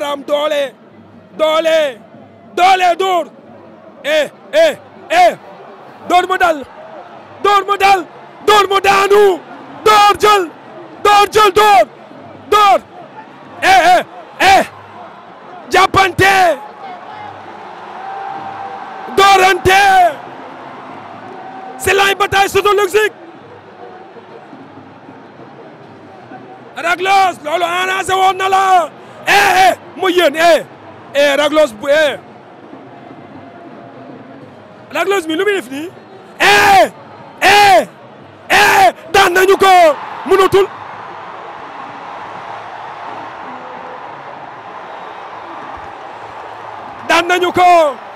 Adam doole doole doole dóor eh eh eh dóor mu dal dóor mu dal dóor mu daanu dóor jël dóor jël dóor dóor eh eh eh jàppante doorante c'est la bataille sociologique Reug Reug loolu arrangé woon na mooy yéen eh eh Raglos bu eh Raglos mi lu muy def nii eh eh eh daan nañu ko mënatul daan nañu ko